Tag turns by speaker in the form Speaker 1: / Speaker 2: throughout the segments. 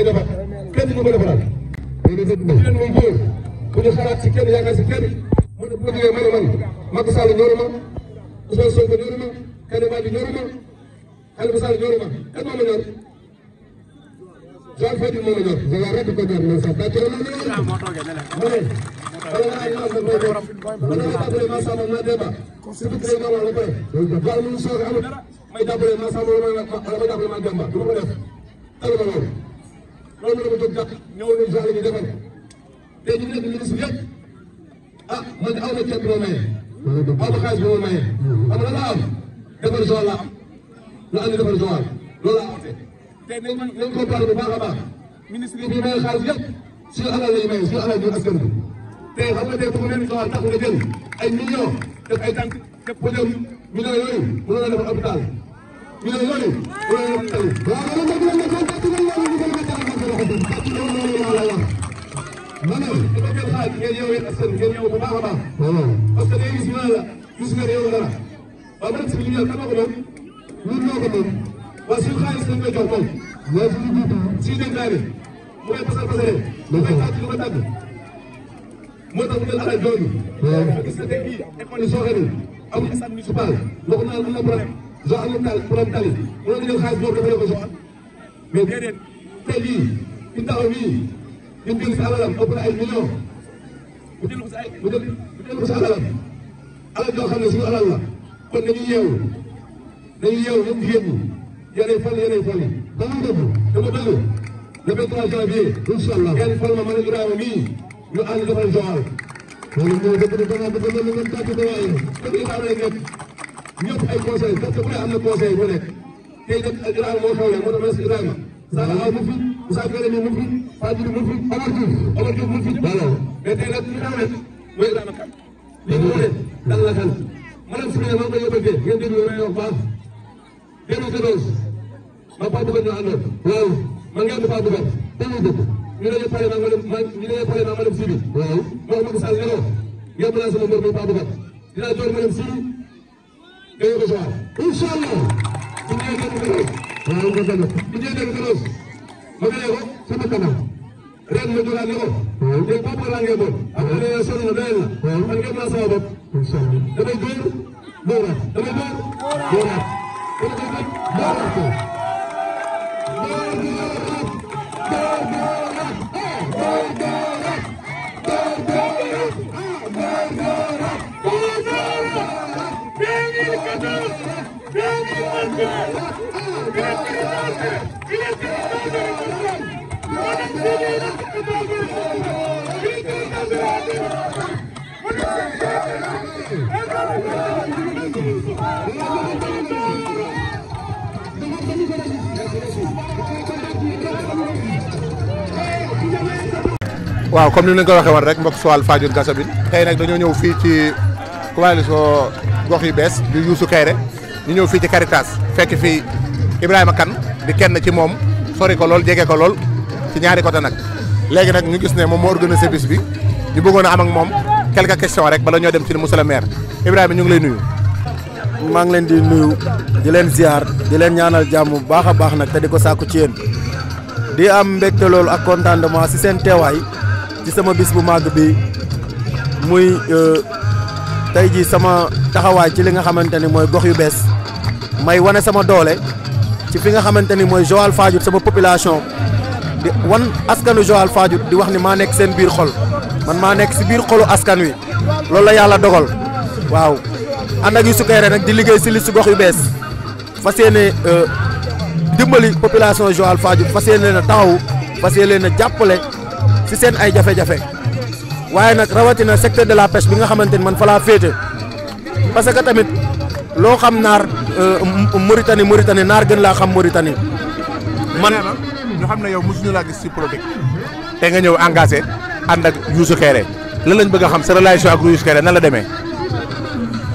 Speaker 1: koy defar kenn du ko defaraat. léegi nag bu leen muy góor bu ñu xalaat si kenn yaakaar si kenn mu ne bu ma jógee man man Macky Sall ñoru ma Ousmane Sonko ñoru ma Karim Wade ñoru ma Khalifa Sall ñoru ma kan moo ma ñor. Jean Fadil moo ma ñor da ngaa rek ko ñor man sax daa coono ma wala nga ay ñaata koy def mën naa jàppale Massamba naa Demba surtout tey Mawa la pare. waaw ñun soog a amut may jàppale Massamba wala ma jàppale maa Demba du ma ko def taluma loolu. loolu la ma jóg jàpp ñëw nañu genre ñu defar te ñu nekk ministre yëpp ah man de aw na ceeb bi ma maye. aw na xaalis bi ma maye. xam nga la am defar Joal la am la andi defar Joal loolu la am te nañ nañ ko baal bu baax a baax
Speaker 2: ministre yi ñu maye xaalis yëpp suñu alal la ñu maye suñu alal ñun askan bi
Speaker 1: te xam nga tey bu leen Joal tax nga jël ay millions def ay tànk def ko jël millions yooyu mënoon a defar hôpital millions yooyu mënoon a defar tali ngeen yow yéen askan ngeen yow bu baax a baax. parce que day gis ñu naan la gis nga réew dara waaw man si li ñu kan ko doon ñun ñoo ko doon waaw suñu xaalis dañ koy jox moom. mais suñu jiitu suñu dénkaane mu koy pasal pasalee. dëgg la dafay ko dagg moo tax mu jël alal jooju. waaw gis nga tey jii école yi sooxe nii amul stade municipal ndox naa mun na borom zo amul tal borom tali mu ne ko jël xaalis boobu dafa ko jox mais déedéet tey jii fi mu taxaw nii ñu jël si alalam ëpp na ay millions. mu jël mu sa alal alal joo xam ne suñu alal la kon nañu yeewu nañu yeewu ñun jigéen ñi yéenay fal yéenay fal ba mu def dama bëgg le 23 janvier incha allah ngeen fal ma man Ibrahima mii ñu ànd defal Joal loolu moo dëgg de danaa bëgg loolu ngeen tàgg ba waaye kon Ibrahima lay nekk ñëpp ay conseil parce que bu ne am na conseil bu nekk tey nag Ibrahima moo xewle moo tax Ibrahima saa aw mu fi Moussa Gueye la ñu mën fi Fatou Ndiou mën fi Omar Diouf Omar Diouf mën fi. voilà mais tey nag ñu naan mooy Ibrahima Kane. li mu wane dal la kan. maanaam suñu yëngu maa ngi koy yóbbante ngeen déglu li may wax baax. 2014 ma Pape Bougat ñu àndoon. waaw ma ngeen di Pape Bougat. dañuy dëkk ñu dañoo pare maa nga dem maa ñu dañoo pare maa nga dem Sibi. waaw moo Macky Sall ne ko ngeen balaa sama mbir mi Pape Bougat dinaa jox ma dem Sibi dañoo ko soxla. incha allah. waaw nga mu ne ko sama kanam ren ma dulaat ne ko léegi bopp laa ngay bopp am na nee sonn na doyal na man ngeen naa sama bopp damay dóor dóoraat damay dóor dóoraat dama koy dóor dóoraat ko dóor dóoraat dóor dóoraat dóor dóoraat dóor dóoraat dóor dóoraat dóor dóoraat benim kadar benim kadar benim kadar
Speaker 2: Wow, comme ni ñu ko waxee woon rek mbokk Joal Fadiouth Gassabine tey nag dañoo ñëw fii ci coalition gox yu di Youssou Kayré ñu ñëw fii ci Caritas fekk Ibrahima di kenn ci moom sori ko lool jege ko lool ci ñaari côté nag léegi nag ñu gis ne moom moo organisé bis bi ñu
Speaker 3: bëggoon am ak moom quelques questions rek bala ñoo dem ci Ibrahima ñu ngi lay nuyu. Mang ngi leen di nuyu di leen ziar di leen ñaanal jàmm bu baax a baax nag te di ko sàkku ci yéen di am mbégte loolu ak contentement si seen teewaay ci sama bis bu màgg bi muy euh, tey ji sama taxawaay ci li nga xamante ni mooy gox yu bees may wane sama doole ci fi nga xamante ni mooy Joal Fadiouth sama population di wan askanu Joal Fadiouth di wax ni maa nekk seen biir xol man maa nekk si biir xolu askan wi loolu la yàlla dogal waaw ànd ak Youssou Kairé nag di liggéey si liste gox yu bees fas yéene euh, dimbali population Joal Fadiouth fas yéene na taxawu fas leen a jàppale si seen ay jafe-jafe waaye nag rawatina secteur de la pêche bi nga xamante ni man falaa laa féete parce que tamit loo xam naar euh, Mauritanie Mauritanie naar gën laa xam Mauritanie. man
Speaker 2: ñu xam ne yow mosuñu laa gis si projet
Speaker 3: te nga ñëw engagé ànd ak Youssou Kairé lan lañ bëgg a xam sa relation ak Youssou Kairé nan la demee.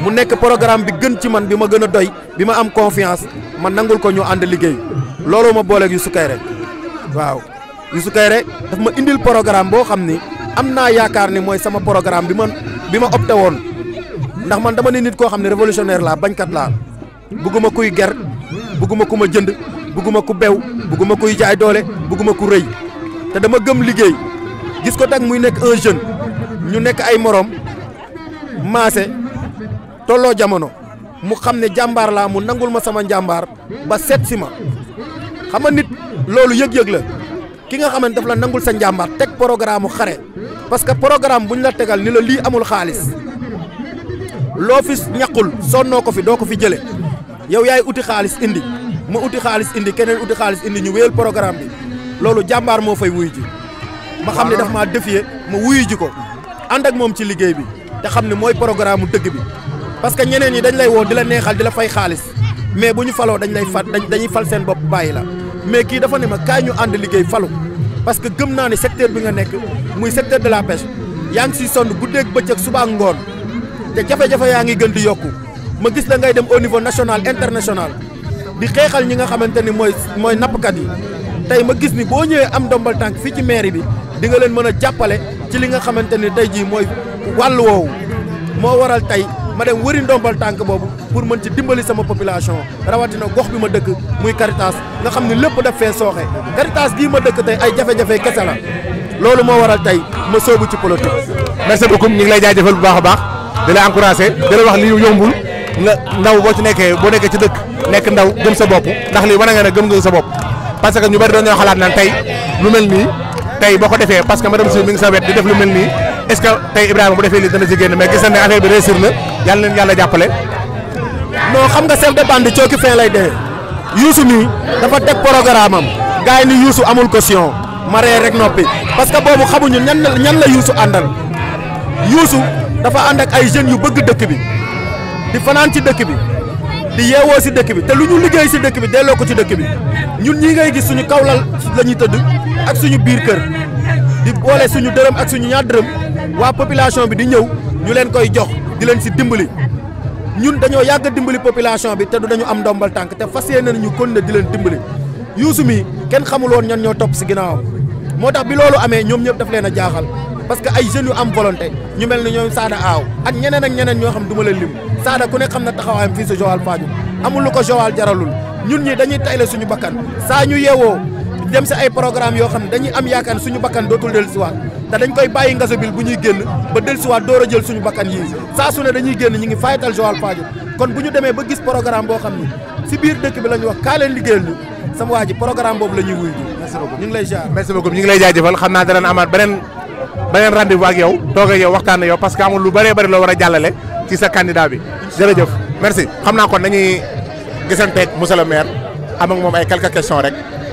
Speaker 3: mu nekk programme bi gën ci man bi ma gën a doy bi ma am confiance man nangul ko ñu ànd liggéeyu looloo ma booleeg Youssou Kayré waaw Youssou Kayré daf ma indil programme boo xam ni am naa yaakaar ni mooy sama programme bi ma bi ma opté woon ndax man dama ne nit koo xam ne révolutionnaire laa bañkat laa bëgguma kuy ger bëgguma ku ma jënd bëgguma ku bew bëgguma kuy jaay doole bëgguma ku rëy te dama gëm liggéey gis ko tak muy nekk un jeune ñu nekk ay moroom maase tolloo jamono mu xam ne jàmbaar laa mu nangul ma sama njàmbaar ba seet si ma xam nga nit loolu yëg-yëg la ki nga xamante daf la nangul sa njàmbaar teg programme mu xare parce que programme bu ñu la tegal ni la lii amul xaalis loo fi ñaqul sonnoo ko fi doo ko fi jële yow yaay uti xaalis indi ma uti xaalis indi keneen uti xaalis indi ñu wéyal programme bi loolu jàmbaar moo fay wuyu ji ma xam ne daf maa défier ma wuyu ji ko ànd ak moom ci liggéey bi te xam ne mooy programme mu dëgg bi parce que ñeneen ñi dañ lay woo di la neexal di la fay xaalis mais bu ñu faloo dañ lay fat dañuy fal seen bopp bàyyi la mais kii dafa ne ma kaay ñu ànd liggéey falu parce que gëm naa ne secteur bi nga nekk muy secteur de la pêche yaa ngi siy sonn guddeeg bëccëg suba ngoon te jafe-jafe yaa ngi gën di yokku ma gis la ngay dem au niveau national international di xeexal ñi nga xamante ni mooy mooy nappkat yi tey ma gis ni boo ñëwee am ndombal tànk fii ci mairie bi di nga leen mën a jàppale ci li nga xamante ni tey jii mooy wàll woowu moo waral tey ma dem wëri ndombal tànk boobu pour mën ci dimbali sama population rawatina gox bi ma dëkk muy Caritas nga xam ne lépp def fee sooxe Caritas gii ma dëkk tey ay jafe-jafe kese la loolu moo waral tey ma sóobu ci politique. merci beaucoup ñu ngi lay jaajëfal
Speaker 2: bu baax a baax di la encouragé di la wax li yombul nga ndaw boo ci nekkee boo nekkee ci dëkk nekk ndaw gëm sa bopp ndax lii wane nga ne gëm nga sa bopp parce que ñu bari dañoo xalaat naan tey lu ne affaire
Speaker 3: bi yàlla leen yàlla jàppale. non xam nga chef de bande cooki fin lay dee. Youssou mii dafa teg programme am gars yi ni Youssou amul caution ma ree rek noppi parce que boobu xamuñu ñan la ñan la Youssou àndal Youssou dafa ànd ak ay jeunes yu bëgg dëkk bi di fanaan ci dëkk bi di yeewoo si dëkk bi te lu ñu liggéey si dëkk bi delloo ko ci dëkk bi ñun ñi ngay gis suñu kawlal la ñuy tëdd ak suñu biir kër di boole suñu dërëm ak suñu ñaar dërëm waa population bi di ñëw ñu leen koy jox. di leen si dimbali ñun dañoo yàgg dimbali population bi te du dañu am ndombal tànk te fas yéene nañu kon ne di leen dimbali yuusu mi kenn xamuloon ñan ñoo topp si ginnaawam moo tax bi loolu amee ñoom ñëpp daf leen a jaaxal parce que ay jeunes yu am volonté ñu mel ne ñoom Saada Aaw ak ñeneen ak ñeneen ñoo xam du ma leen lim Saada ku ne xam na taxawaayam fii si Joal Fadiouth amul lu ko Joal jaralul ñun ñi dañuy tayle suñu bakkan saa ñu yeewoo dem si ay programme yoo xam ne dañuy am yaakaar suñu bakkan dootul dellusiwaat te dañ koy bàyyi Ngazobil bu ñuy génn ba dellusiwaat suñu bakkan yi saa su ne dañuy génn ñu ngi fayatal Joal-Fadiouth kon bu ñu demee ba gis programme boo xam ne si biir dëkk bi la wax kaa leen liggéeyal ñu sama waa ji programme boobu la ñuy ji ñu ngi lay jaar merci
Speaker 2: beaucoup ñu ngi lay xam naa danañ amaat beneen beneen rendez-vous ak yow toog yow waxtaan ak yow parce que amul lu bëree bëri loo war a jàllale ci sa candidat bi jërëjëf merci xam naa kon nañuy gisanteeg monsieur le maire am ak moom ay quelques questions rek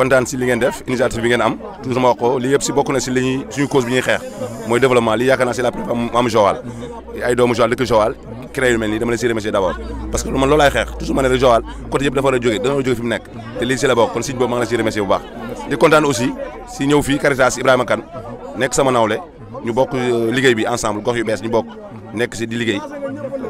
Speaker 4: content ci li ngeen def initiative bi ngeen am toujours ma li yeb ci yëpp si bokk na si li suñu cause bi ñuy xex moy développement li yakana ci la prépa am Joal ay doomu Joal dëkk Joal créé lu melni dama leen remercier d'abord parce que man lolay xex xeex toujours ma ne rek Joal côté yëpp dafa war joggé dañu joggé fim a jóge fi mu nekk te lii si la bok kon siñ bo ma nga la remercier bu baax di content aussi si ñew fi Caritas Ibrahima kan nekk sama nawlé ñu bok euh, liggéey bi ensemble gox yu bees ñu bok nekk ci di liggéey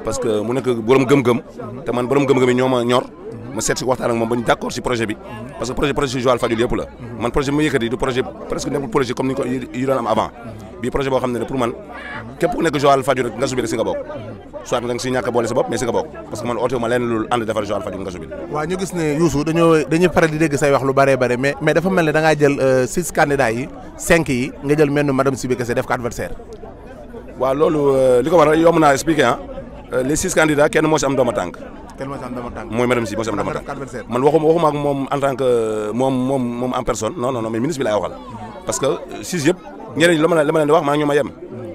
Speaker 4: parce que mu nekk borom gëm-gëm té man borom gëm-gëm ñoma ñor ma seet si waxtaan ak moom ba ñu d' accord si projet bi mhm. parce que projet projet Joal Fadiouth yëpp la mhm. man projet bi ma yëkkati du projet presque nekkul projet comme ni ko yi doon am avant mhm. bi projet boo xam ne pour man képp ku nekk Joal Fadiouth rek nga subi rek si nga bokk soit da nga si ñàkk a boole sa bopp mais si nga bokk parce que man oote ma leen loolu ànd defar Joal Fadiouth nga subi
Speaker 2: waaw ñu gis ne Youssou dañoo dañuy faral di dégg say wax lu bëree bëri mais mais dafa mel ne da ngaa jël euh, six candidats yi cinq yi nga jël menn madame Sibi Kessé def ko adversaire
Speaker 4: waaw loolu euh, li ko waral yomb naa expliquer ah les six candidats kenn moo si am dooma tànk
Speaker 2: mooy
Speaker 4: madame si mooy sama dama tànk man waxuma waxuma ak mom en tant que mom mom mom en personne non non non mais ministre bi laay waxal parce que euh, siis yep ñeneen ñi la ma la ma leen wax maa ngi ñoom a yem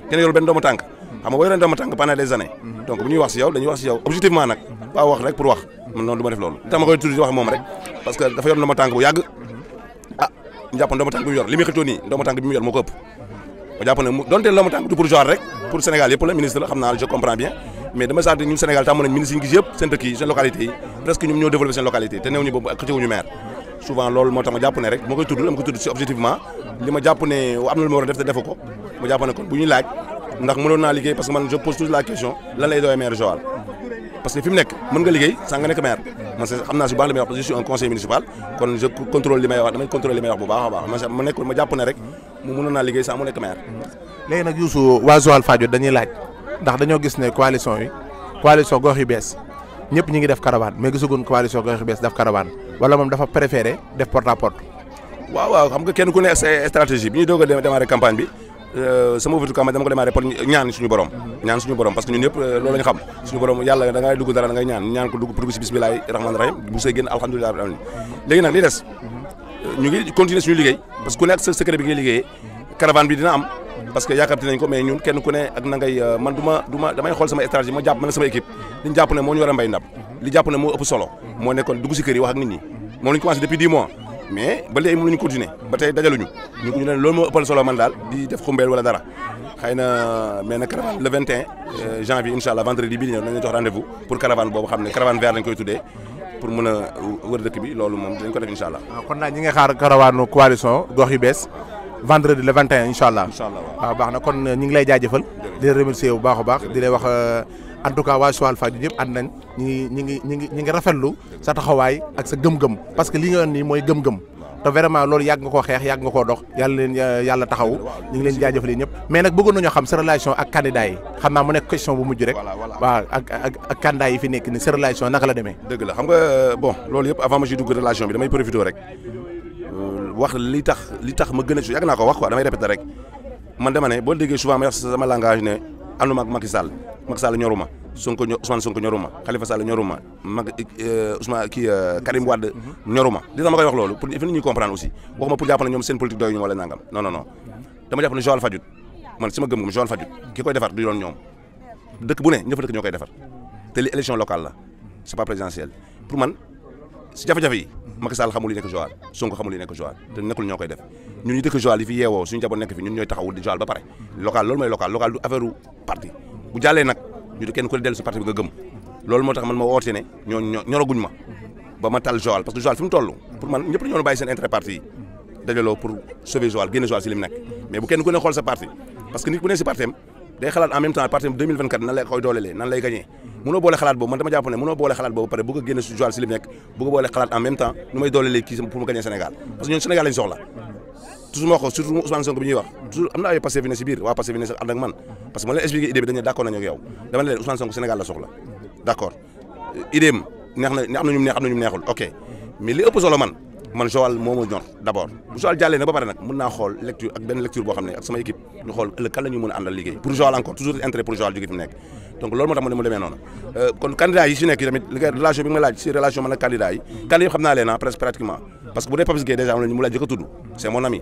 Speaker 4: kenn yorul benn doomu tànk xam nga boo yoree doomu tank pendant des années donc bu ñuy wax ci yow dañuy wax ci yow objectivement nak pas wax rek pour wax man noonu du def lolu tax koy tuddi wax mom rek parce que dafa yor doomu tank bu yag ah mu jàppoon doomu tank bi yor li muy xëccoo nii doomu tank bi mu yor moko ko ëpp ma jàpp ne donte doomu tànk du pour jouer rek pour Sénégal yep la ministre la xamna je comprends bien mais dama sentir ñun Sénégal tàmm ñu ministre yi ñu gis yëpp seen dëkk yi seen localité yi presque ñoom ñoo développer sen localité té néew ñu boobu xëccëgu ñu maire souvent lool moo tax ma jàpp rek ma koy tudd dama koy tudd ci objectivement lima japp né ne am na lu ma def te defu ko ma jàpp ne kon bu ñu laaj ndax mënon na liggéey parce que man je pose toujours la question lan lay doyee maire Joal parce que fi nek nekk mën nga liggéey sans nga nekk maire man sax xam naa si baax li may wax parce que je suis un conseiller municipal kon je contrôle limay wax damay contrôle li may wax bu baax a baax ma nekul ma japp né rek mu mënon na liggéey sans mu nek maire
Speaker 2: légui nak Youssou wa Joal Fadiouth dañuy laaj ndax dañoo gis ne coalition yi coalition gox bees ñëpp ñi ngi def caravane mais gisaguñ coalition gox bees def caravane wala moom dafa préféré def porte à
Speaker 4: waaw waaw xam kenn ku ne stratégie bi ñuy doog a démarrer campagne bi euh, sama ouverture campagne dama ko démarrer pour ñaan suñu borom. ñaan suñu borom parce que ñun ñëpp euh, loolu lañu xam. suñu borom yàlla da dugg dara da ñaan ñaan ko dugg pour si bismillahi rahim bu see génn alhamdulilah léegi nag li des euh, parce que yaakamti nañ ko mais ñun kenn ku ne ak na ngay euh, man du ma du ma damay xool sama étranger ma jàpp man sama équipe li ñu ne moo ñu war a mbay ndam li jàpp ne moo ëpp solo moo nekkoon dugg si kër wax ak nit ñi moom la ñu commencé depuis 10 mois mais ba léegi mënuñu continuer ba tey dajaluñu ñu ñu ne loolu moo ëppal solo man daal di def xumbeel wala dara xëy na mais na caravane le 21 euh, janvier incha vendredi bii di ñëw nañu jox rendez-vous pour ne caravane vert lañ koy tuddee pour mën euh, ko def incha allah
Speaker 2: ah, kon naa ñi nga vendredi le 21 incha allah. waaw baax na kon euh, ñu ngi lay jaajëfal. di la remercier bu baax a baax di lay wax euh, en tout cas waa Joal Fadiouth ñëpp ànd nañ ñi ngi ñi ngi ñi ngi ñi sa taxawaay ak sa gëm-gëm parce que li nga yoon nii mooy gëm-gëm. te vraiment loolu yàgg nga koo xeex yàgg nga koo dox yàlla leen yàlla taxaw ñu ngi leen jaajëfal ñëpp mais nag bëggoon nañoo xam sa relation ak candidat yi xam naa mu nekk question bu mujj rek waaw ak ak ak candidat fi nekk ni sa relation naka la demee
Speaker 4: dëgg la xam nga bon loolu yëpp avant ma ciy bi damay profité rek euh, wax li tax li tax ma gëna ci yag na ko wax quoi damay répéter rek man dama né bo déggé souvent ma wax sama langage né ànduma ak Macky Sall Macky Sall ñoruma Sonko Ousmane Sonko ñoruma Khalifa Sall ñoruma mag eh, Ousmane ki eh, Karim Wade ñoruma di dama koy wax lolu pour fi ñi comprendre aussi waxuma pour japp na ñom seen politique doy ñu wala nangam non non non dama japp na Joal Fadiouth man sima gëm-gëm Joal Fadiouth ki koy défar du doon ñom dëkk bu né ñëpp dëkk ñokay défar té li élection locale la c'est pas présidentiel pour man si jafe-jafe yi Macky Sall xamul li nekk Joal Sonko xamul li nekk Joal te nekkul ñoo koy def ñun ñu dëkk Joal yi fi yeewoo suñu jaboot nekk fi ñun ñooy taxawul di Joal ba pare local loolu mooy local local du affaire parti bu jàllee nag ñu di kenn ku ne si parti bi nga gëm loolu moo tax man ma woote ne ñooñu ñoraguñ ma ba ma tal Joal parce que Joal fi mu toll man ñëpp dañoo bàyyi seen intérêt parti yi dajaloo pour sauver Joal génne day xalaat en même temps à partir de 2024 nan lay koy doolelee nan lay gagné mënoo boole xalaat boobu man dama jàpp ne mënoo boole xalaat boobu pare bëgg génne si Joal si boole xalaat en même temps nu may doolelee kii pour mu gagné Sénégal parce que ñun Sénégal lañ soxla toujours ma ko surtout Ousmane Sonko bi ñuy wax toujours am na ay passé fi ne waa passé fi ne sax ak man parce que ma leen expliqué idée bi dañu ne d'accord nañu dama leen Ousmane Sonko man Joal moo ma ñor d' bu Joal jàllee na ba pare lecture ak benn lecture ak sama équipe ñu xool kan la ñu mën a pour Joal encore toujours intérêt pour Joal jóge fi donc loolu moo tax mu demee euh, kon candidat yi si nekk tamit relation bi nga si relation candidat yi yi ah, pratiquement parce que bu dee Papis Gueye dèjà mu la njëkk a mon ami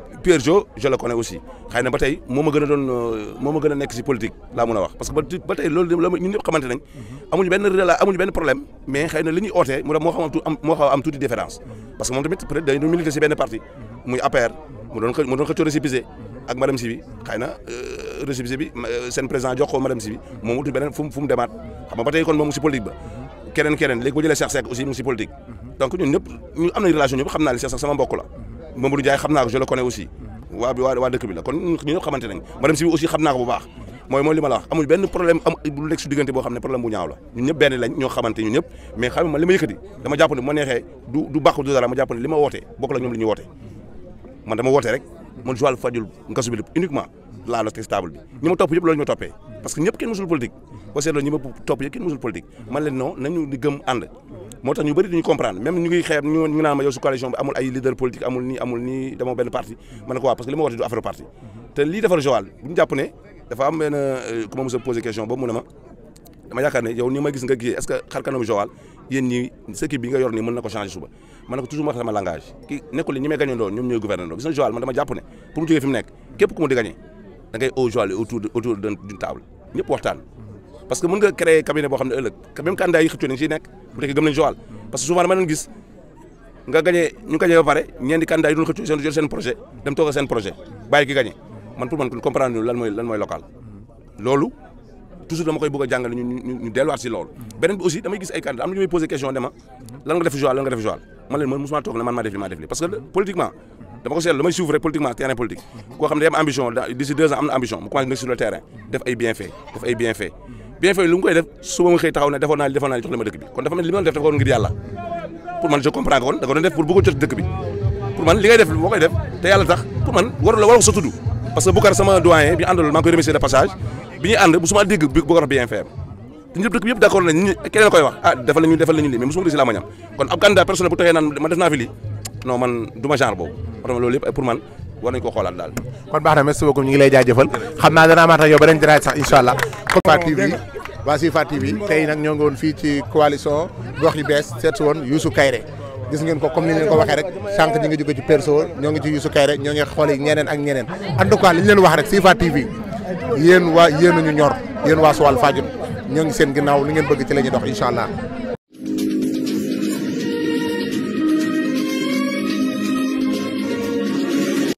Speaker 4: Pierre Jo je le connais aussi xëy na ba tey moo ma gën a doon euh, moo ma politique la mun a wax parce que ba ba tey loolu ñun ñëpp xamanté nañ amuñu benn rela amuñu benn problème mais xëy na li ñuy ootee mu da moo xam am mo xaw am tuuti différence parce que moom tamit peut être dañu doon militer si benn parti muy APR mu doon mu don xëccoo récépissé ak madame Sibi bi xëy na euh, bi euh, sen président jox ko madame Sibi bi moom benen fum fum démat xam nga ba tey kon moom ci politique ba keneen keneen léegi bu jëlé Cheikh Seck aussi mu ci politique donc ñun ñëpp ñu am nañ relation ñëpp xamna naa ne Cheikh Seck sama bokku la Mamadou Ndiaye xamna ko je le connais aussi wa bi wa waa dëkk bi la kon ñu ñëpp xamante nañ madame si aussi xamna ko bu baax moy moy lima la wax amul benn problème am lu nekk su diggante bo xamné problème bu ñaaw la ñun ñep benn lañ ñoo xamanté ñun ñep mais xam ma lima yëkëti dama japp ne mo nexé du du baax du dara ma japp ne lima woté bokk la ñoom li ñu woté man dama woté rek man Joal Fadiouth Ngassou Béthio uniquement la la stable bi ñi ma topp yëpp loolu ñu ma toppee parce que ñep kenn musul politique boo seetloo ñi ma top yëpp kenn musul politique man leen non nañu di gëm and moo tax ñu bëri duñu comprendre même ñu ngi xeeb ñu ngi naan ma yow su coalition amul ay leader politique amul nii amul parti ma ko parce que li ma du parti te lii defar Joal bu ñu jàpp ne dafa am euh, question ba mu ne ma dama yaakaar ne yow ni ma gis nga gisee est-ce que Joal yéen ñii sa bi nga yor nii mën ko changer suba ma ne ko toujours ma sama langage ki nekkul ñi may gagnandoo ñoom ñooy gis vous Joal man dama jàpp ne pour mu jógee nekk képp ku di gagné da ngay au Joal autour autour d'une table ñëpp waxtaan parce que mën nga créer cabinet boo xam ne ëllëg même candidat yi xëccoo nañ ciy nekk bu nekkee gëm nañ Joal parce que souvent dama doon gis nga gagné ñu gagné ba pare ñeen di candidat yi doon xëccoo seen jël seen projet dem toogal seen projet bàyyi ki gagné man pour man comprendre lan mooy lan mooy local loolu toujours dama koy bëgg a jàngale ñu ñu ñu delluwaat si loolu beneen bi aussi damay gis ay candidat am na ñu may poser question dema lan nga def Joal lan nga def Joal man leen man mosuma toog ne man maa def li maa def li parce que politiquement dama ko seetlu damay suivre politiquement terrain politique koo xam ne am ambition d'ici deux ans am na ambition mu commencé nekk sur le terrain def ay bienfait def ay bienfait bien fait lu ngui koy def suma mu xey taxaw na defoon naa li defoon li jox na ma dëkk bi kon dafa mel li ma def dafa waroon ngir yalla pour man je comprends kon da ko def pour bëgg jot dëkk bi pour man li ngay def boo koy def te yalla tax pour man war la waroo sa tuddu parce que bukar sama doyen bi andal ma ngi koy remercier de passage bi ñi and ñuy ànd musuma dégg Boucar bien fait te ñëpp dëkk bi yëpp d'accord nañ keneen koy wax ah defal nañu defal nañu lii mais musuma gis la ma ñam kon ab candidat personnel bu taxé nan ma def na fi li non man du ma genre boobu loolu yëpp pour man
Speaker 2: war nañ ko daal kon baax na merci beaucoup ñu ngi lay jaajëfal xam naa danaa maata yow beneen jaraat sax incha allah Sifaa TV waa Sifaa TV tey nag ñoo ngi woon fii ci coalition gox yu bees woon Youssou Kayré gis ngeen ko comme ni leen ko waxee rek sànq ñi nga jóge ci perso ñoo ngi ci Youssou Kayré ñoo ngi xool yi ñeneen ak ñeneen en tout leen wax rek Sifaa TV yéen waa yéen ñu ñor yéen waa Joal Fadiouth ñoo ngi seen ginnaaw li ngeen bëgg ci la ñuy dox incha